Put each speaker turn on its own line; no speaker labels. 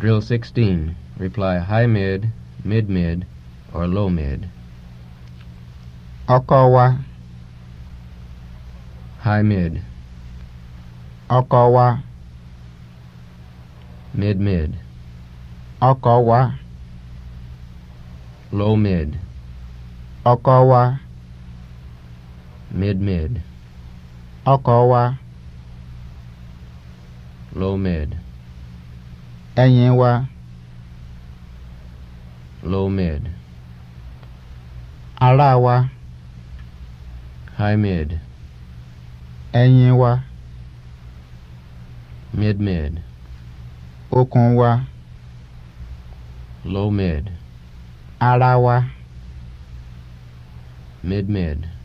Drill 16. Reply high mid, mid mid, or low
mid. Ọkọwa.
High mid.
Ọkọwa. Mid mid. Ọkọwa. Low mid. Ọkọwa.
Mid mid.
Ọkọwa. Low mid. ẹ̀yìn wa. low mid. ara wa. high mid. ẹ̀yìn wa. mid mid. okùn wa. low mid. ara wa.
mid mid.